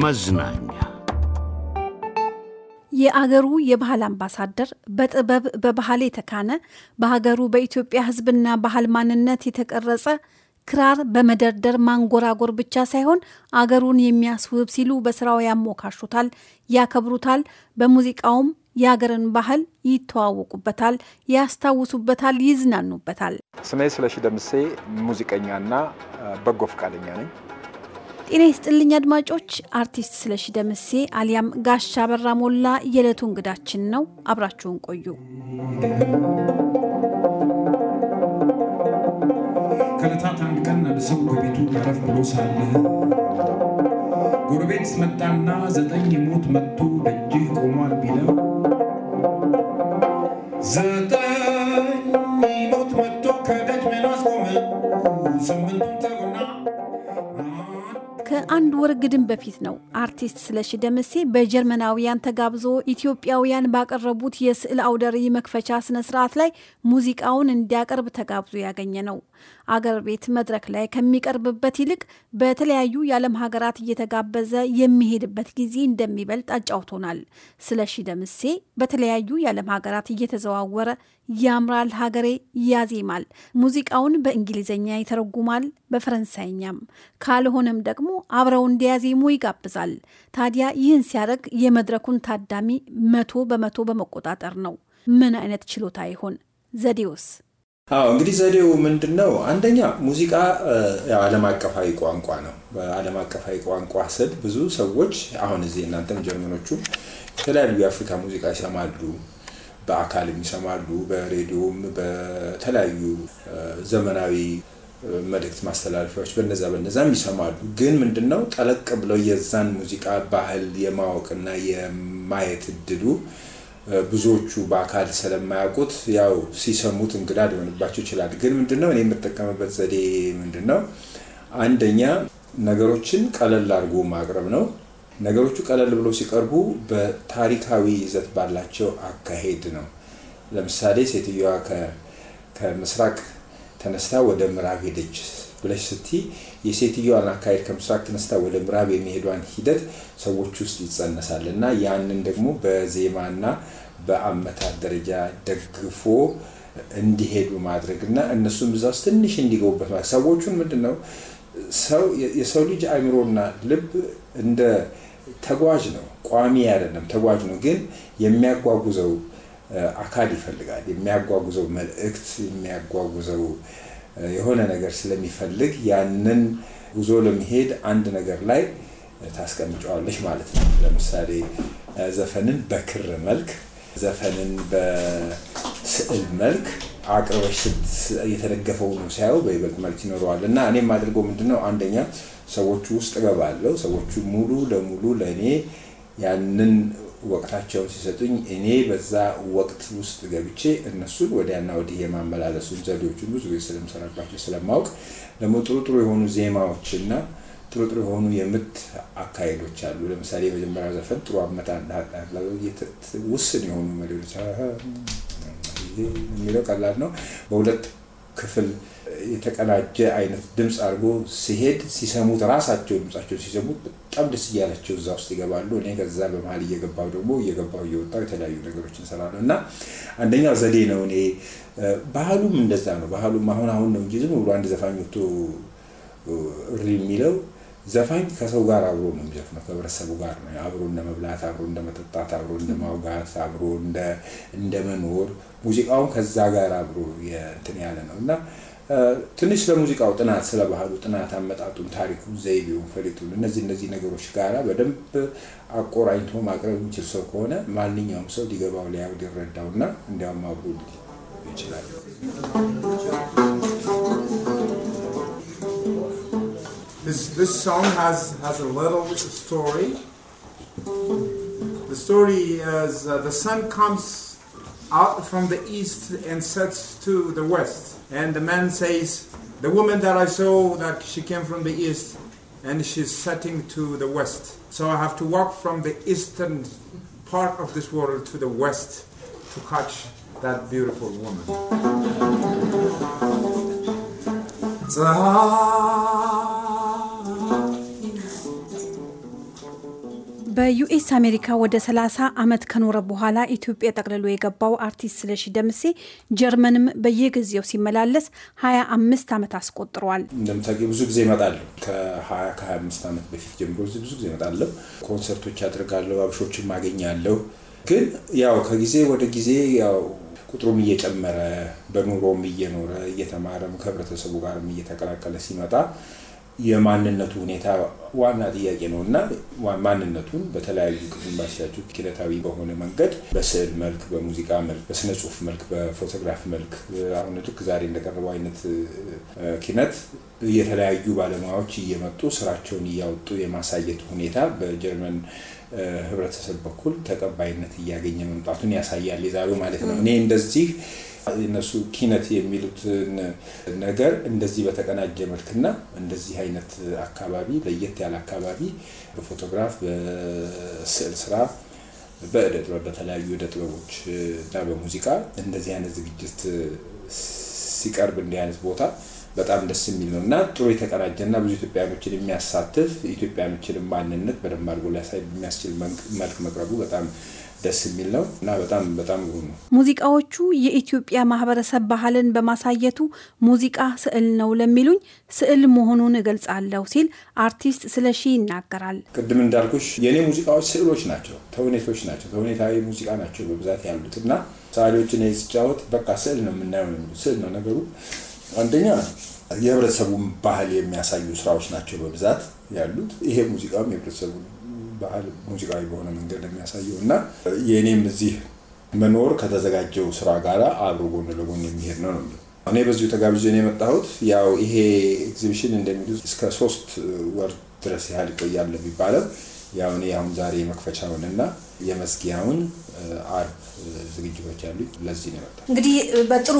መዝናኛ የአገሩ የባህል አምባሳደር በጥበብ በባህል የተካነ በሀገሩ በኢትዮጵያ ሕዝብና ባህል ማንነት የተቀረጸ ክራር በመደርደር ማንጎራጎር ብቻ ሳይሆን አገሩን የሚያስውብ ሲሉ በስራው ያሞካሹታል፣ ያከብሩታል። በሙዚቃውም የአገርን ባህል ይተዋወቁበታል፣ ያስታውሱበታል፣ ይዝናኑበታል። ስሜ ስለሺ ደምሴ ሙዚቀኛና በጎ ፈቃደኛ ነኝ። ጤና ይስጥልኝ አድማጮች። አርቲስት ስለሺ ደምሴ አሊያም ጋሻ አበራ ሞላ የዕለቱ እንግዳችን ነው። አብራችሁን ቆዩ። ከዕለታት አንድ ቀን አንድ ሰው ከቤቱ ያረፍ ብሎ ሳለ ጎረቤት መጣና ዘጠኝ ሞት መጥቶ ደጅህ ቆሟል ቢለው ዘጠኝ ሞት መጥቶ ከደጅ ምን አስቆመ? ስምንቱን ተጉና ከአንድ ወር ግድም በፊት ነው አርቲስት ስለሺ ደምሴ በጀርመናውያን ተጋብዞ ኢትዮጵያውያን ባቀረቡት የስዕል አውደ ርዕይ መክፈቻ ስነ ስርዓት ላይ ሙዚቃውን እንዲያቀርብ ተጋብዞ ያገኘ ነው። አገር ቤት መድረክ ላይ ከሚቀርብበት ይልቅ በተለያዩ የዓለም ሀገራት እየተጋበዘ የሚሄድበት ጊዜ እንደሚበልጥ አጫውቶናል። ስለሺ ደምሴ በተለያዩ የዓለም ሀገራት እየተዘዋወረ ያምራል፣ ሀገሬ ያዜማል፣ ሙዚቃውን በእንግሊዝኛ ይተረጉማል፣ በፈረንሳይኛም ካልሆነም ደግሞ አብረው እንዲያዜሙ ይጋብዛል። ታዲያ ይህን ሲያደርግ የመድረኩን ታዳሚ መቶ በመቶ በመቆጣጠር ነው። ምን አይነት ችሎታ ይሆን ዘዴውስ? አዎ እንግዲህ ዘዴው ምንድን ነው? አንደኛ ሙዚቃ ዓለም አቀፋዊ ቋንቋ ነው። በዓለም አቀፋዊ ቋንቋ ስል ብዙ ሰዎች አሁን እዚህ እናንተም ጀርመኖቹ የተለያዩ የአፍሪካ ሙዚቃ ይሰማሉ፣ በአካልም ይሰማሉ፣ በሬዲዮም በተለያዩ ዘመናዊ መልእክት ማስተላለፊያዎች በነዛ በነዛም ይሰማሉ። ግን ምንድን ነው ጠለቅ ብለው የዛን ሙዚቃ ባህል የማወቅና የማየት እድሉ ብዙዎቹ በአካል ስለማያውቁት ያው ሲሰሙት እንግዳ ሊሆንባቸው ይችላል። ግን ምንድነው እኔ የምጠቀምበት ዘዴ ምንድነው? አንደኛ ነገሮችን ቀለል አድርጎ ማቅረብ ነው። ነገሮቹ ቀለል ብሎ ሲቀርቡ በታሪካዊ ይዘት ባላቸው አካሄድ ነው። ለምሳሌ ሴትዮዋ ከምስራቅ ተነስታ ወደ ምዕራብ ሄደች ብለሽ ስቲ የሴትዮዋን አካሄድ ከምስራቅ ተነስታ ወደ ምዕራብ የሚሄዷን ሂደት ሰዎች ውስጥ ይጸነሳል እና ያንን ደግሞ በዜማና በአመታት ደረጃ ደግፎ እንዲሄዱ ማድረግ እና እነሱም እዛ ውስጥ ትንሽ እንዲገቡበት ማለት ሰዎቹን ምንድን ነው የሰው ልጅ አእምሮና ልብ እንደ ተጓዥ ነው፣ ቋሚ አይደለም። ተጓዥ ነው ግን የሚያጓጉዘው አካል ይፈልጋል። የሚያጓጉዘው መልእክት፣ የሚያጓጉዘው የሆነ ነገር ስለሚፈልግ ያንን ጉዞ ለመሄድ አንድ ነገር ላይ ታስቀምጫዋለች ማለት ነው። ለምሳሌ ዘፈንን በክር መልክ፣ ዘፈንን በስዕል መልክ አቅርበሽ የተደገፈው ነው ሲያዩ በይበልጥ መልክ ይኖረዋል እና እኔ የማደርገው ምንድነው አንደኛ ሰዎቹ ውስጥ እገባለሁ። ሰዎቹ ሙሉ ለሙሉ ለእኔ ያንን ወቅታቸውን ሲሰጡኝ እኔ በዛ ወቅት ውስጥ ገብቼ እነሱን ወዲያና ወዲህ የማመላለሱን ዘዴዎችን ብዙ ጊዜ ስለምሰራባቸው ስለማወቅ ደግሞ ጥሩ ጥሩ የሆኑ ዜማዎችና ጥሩ ጥሩ የሆኑ የምት አካሄዶች አሉ። ለምሳሌ የመጀመሪያው ዘፈን ጥሩ ውስን የሆኑ መ የሚለው ቀላል ነው በሁለት ክፍል የተቀናጀ አይነት ድምፅ አድርጎ ሲሄድ ሲሰሙት ራሳቸው ድምጻቸው ሲሰሙት በጣም ደስ እያላቸው እዛ ውስጥ ይገባሉ። እኔ ከዛ በመሀል እየገባው ደግሞ እየገባው እየወጣው የተለያዩ ነገሮች እንሰራለን እና አንደኛው ዘዴ ነው። እኔ ባህሉም እንደዛ ነው። ባህሉም አሁን አሁን ነው እንጂ ዝም ብሎ አንድ ዘፋኝ ወጥቶ እሪ የሚለው ዘፋኝ ከሰው ጋር አብሮ ነው የሚዘፍነው፣ ከህብረተሰቡ ጋር ነው። አብሮ እንደ መብላት፣ አብሮ እንደ መጠጣት፣ አብሮ እንደ ማውጋት፣ አብሮ እንደ መኖር ሙዚቃውን ከዛ ጋር አብሮ እንትን ያለ ነው እና ትንሽ ለሙዚቃው ጥናት ስለ ባህሉ ጥናት አመጣጡን፣ ታሪኩ፣ ዘይቤውን፣ ፈሊጡን እነዚህ እነዚህ ነገሮች ጋራ በደንብ አቆራኝቶ ማቅረብ የሚችል ሰው ከሆነ ማንኛውም ሰው ሊገባው ሊያው ሊረዳውና እንዲያውም አብሮ ይችላል። uh, the sun comes out from the east and sets to the west. And the man says, The woman that I saw, that she came from the east, and she's setting to the west. So I have to walk from the eastern part of this world to the west to catch that beautiful woman. በዩኤስ አሜሪካ ወደ 30 ዓመት ከኖረ በኋላ ኢትዮጵያ ጠቅልሎ የገባው አርቲስት ስለሺ ደምሴ ጀርመንም በየጊዜው ሲመላለስ 25 ዓመት አስቆጥሯል። እንደምታውቂው ብዙ ጊዜ እመጣለሁ። ከ20 ከ25 ዓመት በፊት ጀምሮ ብዙ ጊዜ እመጣለሁ። ኮንሰርቶች አድርጋለሁ፣ አብሾችን ማገኛለሁ። ግን ያው ከጊዜ ወደ ጊዜ ያው ቁጥሩም እየጨመረ በኑሮም እየኖረ እየተማረም ከህብረተሰቡ ጋርም እየተቀላቀለ ሲመጣ የማንነቱ ሁኔታ ዋና ጥያቄ ነው እና ማንነቱን በተለያዩ ግንባሻችሁ ኪነታዊ በሆነ መንገድ በስዕል መልክ፣ በሙዚቃ መልክ፣ በስነ ጽሁፍ መልክ፣ በፎቶግራፍ መልክ አሁን ልክ ዛሬ እንደቀረበው አይነት ኪነት የተለያዩ ባለሙያዎች እየመጡ ስራቸውን እያወጡ የማሳየት ሁኔታ በጀርመን ህብረተሰብ በኩል ተቀባይነት እያገኘ መምጣቱን ያሳያል። የዛሬው ማለት ነው እኔ እንደዚህ የነሱ ኪነት የሚሉትን ነገር እንደዚህ በተቀናጀ መልክና እንደዚህ አይነት አካባቢ ለየት ያለ አካባቢ በፎቶግራፍ በስዕል ስራ በእደ ጥበብ በተለያዩ እደ ጥበቦች እና በሙዚቃ እንደዚህ አይነት ዝግጅት ሲቀርብ እንዲህ አይነት ቦታ በጣም ደስ የሚል ነው እና ጥሩ የተቀናጀ እና ብዙ ኢትዮጵያኖችን የሚያሳትፍ ኢትዮጵያኖችን ማንነት በደንብ አድርጎ ሊያሳይ የሚያስችል መልክ መቅረቡ በጣም ደስ የሚል ነው እና በጣም በጣም ውብ ነው። ሙዚቃዎቹ የኢትዮጵያ ማህበረሰብ ባህልን በማሳየቱ ሙዚቃ ስዕል ነው ለሚሉኝ ስዕል መሆኑን እገልጻለሁ ሲል አርቲስት ስለሺ ይናገራል። ቅድም እንዳልኩሽ የእኔ ሙዚቃዎች ስዕሎች ናቸው፣ ተውኔቶች ናቸው፣ ተውኔታዊ ሙዚቃ ናቸው በብዛት ያሉት እና ሰዓሊዎችን ስጫወት በቃ ስዕል ነው የምናየው ስዕል ነው ነገሩ አንደኛ የህብረተሰቡን ባህል የሚያሳዩ ስራዎች ናቸው በብዛት ያሉት። ይሄ ሙዚቃም የህብረተሰቡን በዓል ሙዚቃዊ በሆነ መንገድ የሚያሳየው እና የእኔም እዚህ መኖር ከተዘጋጀው ስራ ጋር አብሮ ጎን ለጎን የሚሄድ ነው ነው እኔ በዚሁ ተጋብዤ ነው የመጣሁት። ያው ይሄ ኤግዚቢሽን እንደሚሉ እስከ ሶስት ወር ድረስ ያህል ይቆያል የሚባለው ያው እኔ አሁን ዛሬ መክፈቻውንና የመስጊያውን አርብ ዝግጅቶች አሉ። ለዚህ ነው የመጣሁት። እንግዲህ በጥሩ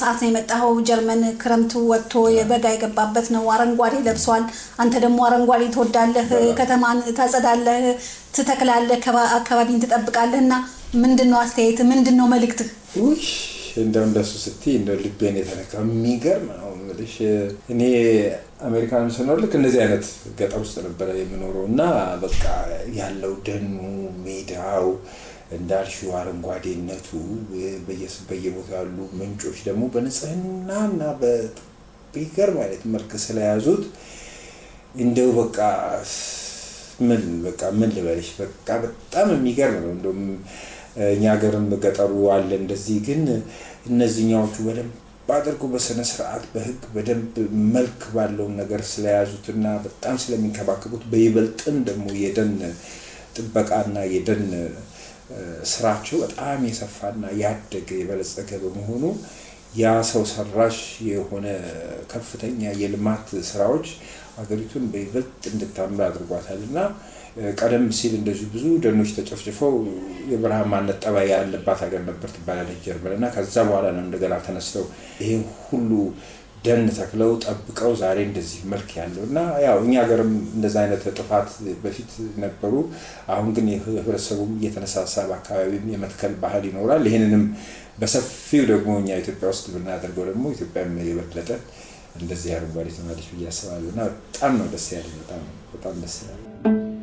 ሰዓት ነው የመጣኸው። ጀርመን ክረምቱ ወጥቶ የበጋ የገባበት ነው። አረንጓዴ ለብሷል። አንተ ደግሞ አረንጓዴ ትወዳለህ። ከተማን ታጸዳለህ፣ ትተክላለህ፣ አካባቢን ትጠብቃለህ እና ምንድን ነው አስተያየት? ምንድን ነው መልእክትህ? እንደው እንደሱ ስትይ እንደው ልቤን የተነካ የሚገርም ነው የምልሽ። እኔ አሜሪካን ስኖር ልክ እንደዚህ አይነት ገጠር ውስጥ ነበረ የምኖረው እና በቃ ያለው ደኑ፣ ሜዳው እንዳልሽው አረንጓዴነቱ፣ በየቦታው ያሉ ምንጮች ደግሞ በንጽህና እና በሚገርም አይነት መልክ ስለያዙት እንደው በቃ ምን በቃ ምን ልበልሽ በቃ በጣም የሚገርም ነው እንደውም እኛ ሀገርም ገጠሩ አለ እንደዚህ። ግን እነዚህኛዎቹ በደንብ አድርጎ በስነ ስርዓት በህግ በደንብ መልክ ባለውን ነገር ስለያዙትና በጣም ስለሚንከባከቡት በይበልጥን ደግሞ የደን ጥበቃና የደን ስራቸው በጣም የሰፋና ያደገ የበለጸገ በመሆኑ ያ ሰው ሰራሽ የሆነ ከፍተኛ የልማት ስራዎች ሀገሪቱን በይበልጥ እንድታምር አድርጓታል እና ቀደም ሲል እንደዚሁ ብዙ ደኖች ተጨፍጭፈው የበረሃማነት ጠባይ ያለባት ሀገር ነበር ትባላለች ጀርመን እና ከዛ በኋላ ነው እንደገና ተነስተው ይህ ሁሉ ደን ተክለው ጠብቀው ዛሬ እንደዚህ መልክ ያለው እና ያው እኛ ሀገርም እንደዚ አይነት ጥፋት በፊት ነበሩ። አሁን ግን የህብረተሰቡም እየተነሳሳ በአካባቢም የመትከል ባህል ይኖራል። ይህንንም በሰፊው ደግሞ እኛ ኢትዮጵያ ውስጥ ብናደርገው ደግሞ ኢትዮጵያም የበለጠ እንደዚህ አረንጓዴ ትሆናለች ብዬ አስባለሁ እና በጣም ነው ደስ ያለኝ። በጣም በጣም ደስ ያለኝ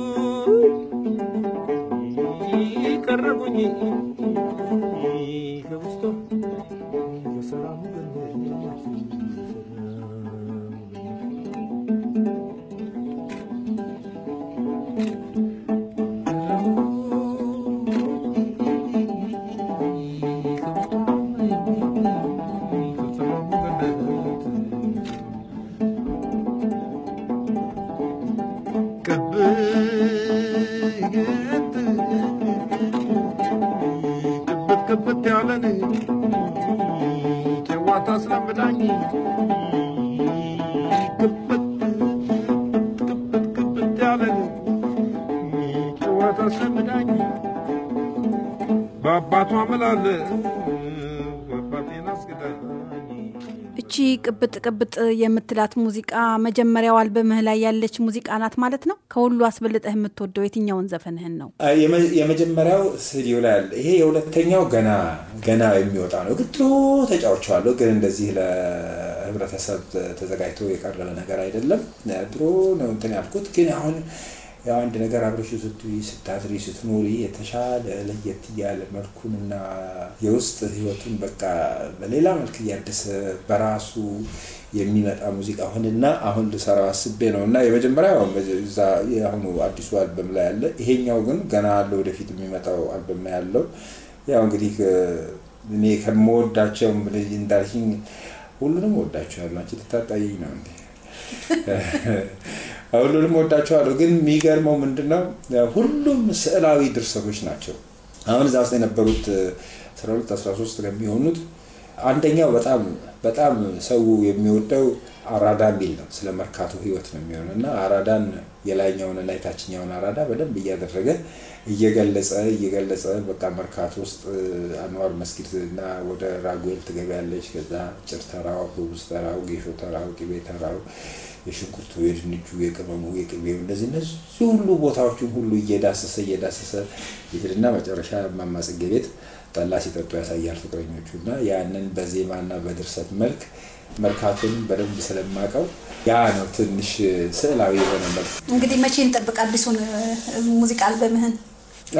ዘመን ጩኸት አሰምዳኝ በአባቷ ምላለ። ይቺ ቅብጥ ቅብጥ የምትላት ሙዚቃ መጀመሪያው አልበምህ ላይ ያለች ሙዚቃ ናት ማለት ነው። ከሁሉ አስበልጠህ የምትወደው የትኛውን ዘፈንህን ነው? የመጀመሪያው ስዲዮ ላይ ያለ ይሄ የሁለተኛው ገና ገና የሚወጣ ነው። ግን ድሮ ተጫውቸዋለሁ። ግን እንደዚህ ለህብረተሰብ ተዘጋጅቶ የቀረበ ነገር አይደለም። ድሮ ነው እንትን ያልኩት ግን አሁን ያው አንድ ነገር አብረሽ ስትይ ስታድሪ ስትኖሪ የተሻለ ለየት እያለ መልኩንና የውስጥ ህይወቱን በቃ በሌላ መልክ እያደሰ በራሱ የሚመጣ ሙዚቃ ሆንና አሁን ልሰራው አስቤ ነው እና የመጀመሪያ አሁኑ አዲሱ አልበም ላይ ያለ፣ ይሄኛው ግን ገና አለ ወደፊት የሚመጣው አልበም ያለው ያው እንግዲህ እኔ ከምወዳቸው እንዳልሽኝ ሁሉንም ወዳቸዋለሁ። አንቺ ልታጣይኝ ነው እንዴ? ሁሉንም ወዳቸዋለሁ። ግን የሚገርመው ምንድነው ሁሉም ስዕላዊ ድርሰቶች ናቸው። አሁን እዛ ውስጥ የነበሩት 12 13 ከሚሆኑት አንደኛው በጣም በጣም ሰው የሚወደው አራዳ ሚል ነው። ስለ መርካቶ ህይወት ነው የሚሆን እና አራዳን የላይኛውንና የታችኛውን አራዳ በደንብ እያደረገ እየገለጸ እየገለጸ በቃ መርካቶ ውስጥ አንዋር መስጊድ እና ወደ ራጉኤል ትገቢያለች። ከዛ ጭር ተራው፣ አውቶቡስ ተራው፣ ጌሾ ተራው፣ ቅቤ ተራው የሽንኩርቱ፣ የድንቹ፣ የቅመሙ፣ የቅቤው እነዚህ እነዚህ ሁሉ ቦታዎችን ሁሉ እየዳሰሰ እየዳሰሰ ይሄድና መጨረሻ እማማ ቤት ጠላ ሲጠጡ ያሳያል ፍቅረኞቹ እና ያንን በዜማና በድርሰት መልክ መርካቱን በደንብ ስለማቀው ያ ነው ትንሽ ስዕላዊ የሆነ መልክ። እንግዲህ መቼ እንጠብቅ አዲሱን ሙዚቃ አልበምህን?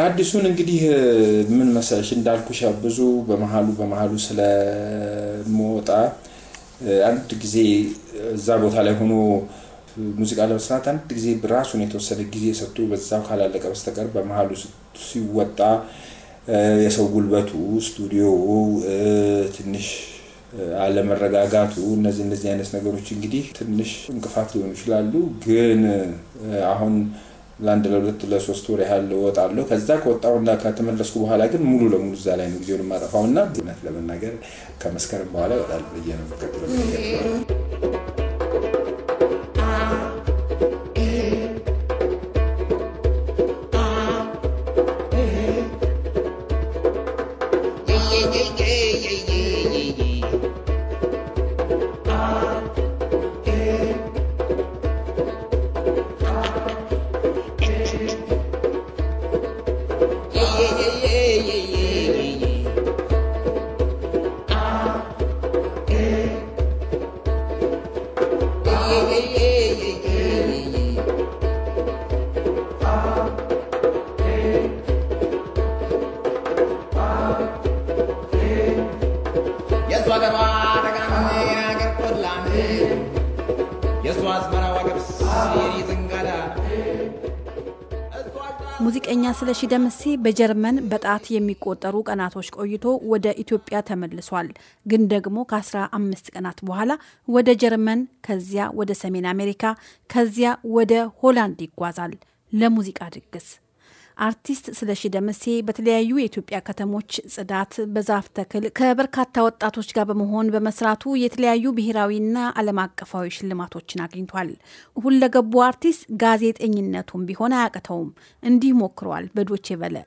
አዲሱን እንግዲህ ምን መሰለሽ እንዳልኩሽ ብዙ በመሀሉ በመሀሉ ስለመወጣ አንድ ጊዜ እዛ ቦታ ላይ ሆኖ ሙዚቃ ለመስራት አንድ ጊዜ ራሱን የተወሰነ ጊዜ ሰጥቶ በዛው ካላለቀ በስተቀር በመሀሉ ሲወጣ የሰው ጉልበቱ፣ ስቱዲዮ ትንሽ አለመረጋጋቱ እነዚህ እነዚህ አይነት ነገሮች እንግዲህ ትንሽ እንቅፋት ሊሆኑ ይችላሉ። ግን አሁን ለአንድ ለሁለት ለሶስት ወር ያህል እወጣለሁ። ከዛ ከወጣሁና ከተመለስኩ በኋላ ግን ሙሉ ለሙሉ እዛ ላይ ነው ጊዜውን እና እውነት ለመናገር ከመስከረም በኋላ እወጣለሁ ብዬ ነው ei, ei, ei. ስለሺ ደምሴ በጀርመን በጣት የሚቆጠሩ ቀናቶች ቆይቶ ወደ ኢትዮጵያ ተመልሷል። ግን ደግሞ ከ15 ቀናት በኋላ ወደ ጀርመን፣ ከዚያ ወደ ሰሜን አሜሪካ፣ ከዚያ ወደ ሆላንድ ይጓዛል ለሙዚቃ ድግስ አርቲስት ስለሺ ደመሴ በተለያዩ የኢትዮጵያ ከተሞች ጽዳት፣ በዛፍ ተክል ከበርካታ ወጣቶች ጋር በመሆን በመስራቱ የተለያዩ ብሔራዊና ዓለም አቀፋዊ ሽልማቶችን አግኝቷል። ሁለገቡ አርቲስት ጋዜጠኝነቱን ቢሆን አያቅተውም። እንዲህ ሞክረዋል። በዶቼ በለ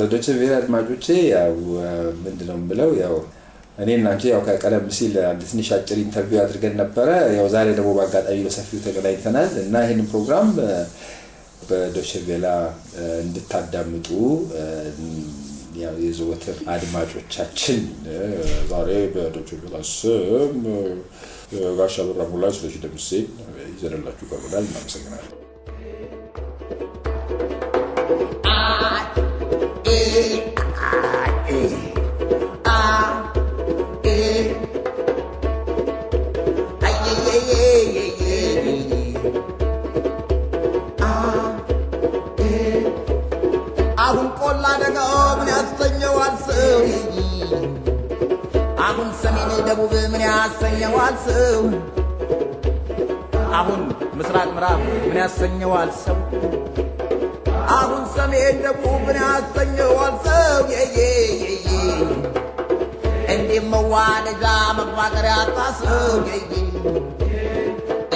ለዶቼ ብሔር አድማጮቼ ያው ምንድነው የምለው ያው እኔ እናንቺ ያው ከቀደም ሲል አንድ ትንሽ አጭር ኢንተርቪው አድርገን ነበረ። ያው ዛሬ ደግሞ በአጋጣሚ በሰፊው ተገናኝተናል እና ይህንን ፕሮግራም በዶሸቬላ እንድታዳምጡ የዘወትር አድማጮቻችን ዛሬ በዶቸቬላ ስም ጋሻ በራ ሞላ ስለሽ ደምሴ ይዘንላችሁ ቀርበናል። እናመሰግናለን። I ሰው አሁን ምስራቅ ምዕራብ ምን ያሰኘዋል ሰው አሁን ሰሜን ደቡብ ምን ያሰኘዋል ሰው የየየየ እንዴት መዋደጃ መፋቀሪያ ያጣ ሰው የየ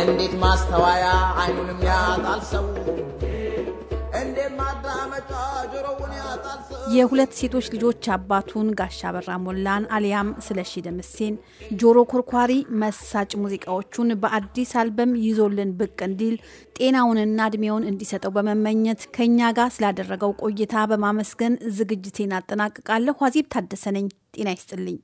እንዴት ማስተዋያ አይኑንም ያጣል ሰው የሁለት ሴቶች ልጆች አባቱን ጋሻ በራ ሞላን አሊያም ስለሺ ደምሴን ጆሮ ኮርኳሪ መሳጭ ሙዚቃዎቹን በአዲስ አልበም ይዞልን ብቅ እንዲል ጤናውንና እድሜውን እንዲሰጠው በመመኘት ከእኛ ጋር ስላደረገው ቆይታ በማመስገን ዝግጅቴን አጠናቅቃለሁ። አዜብ ታደሰ ነኝ። ጤና ይስጥልኝ።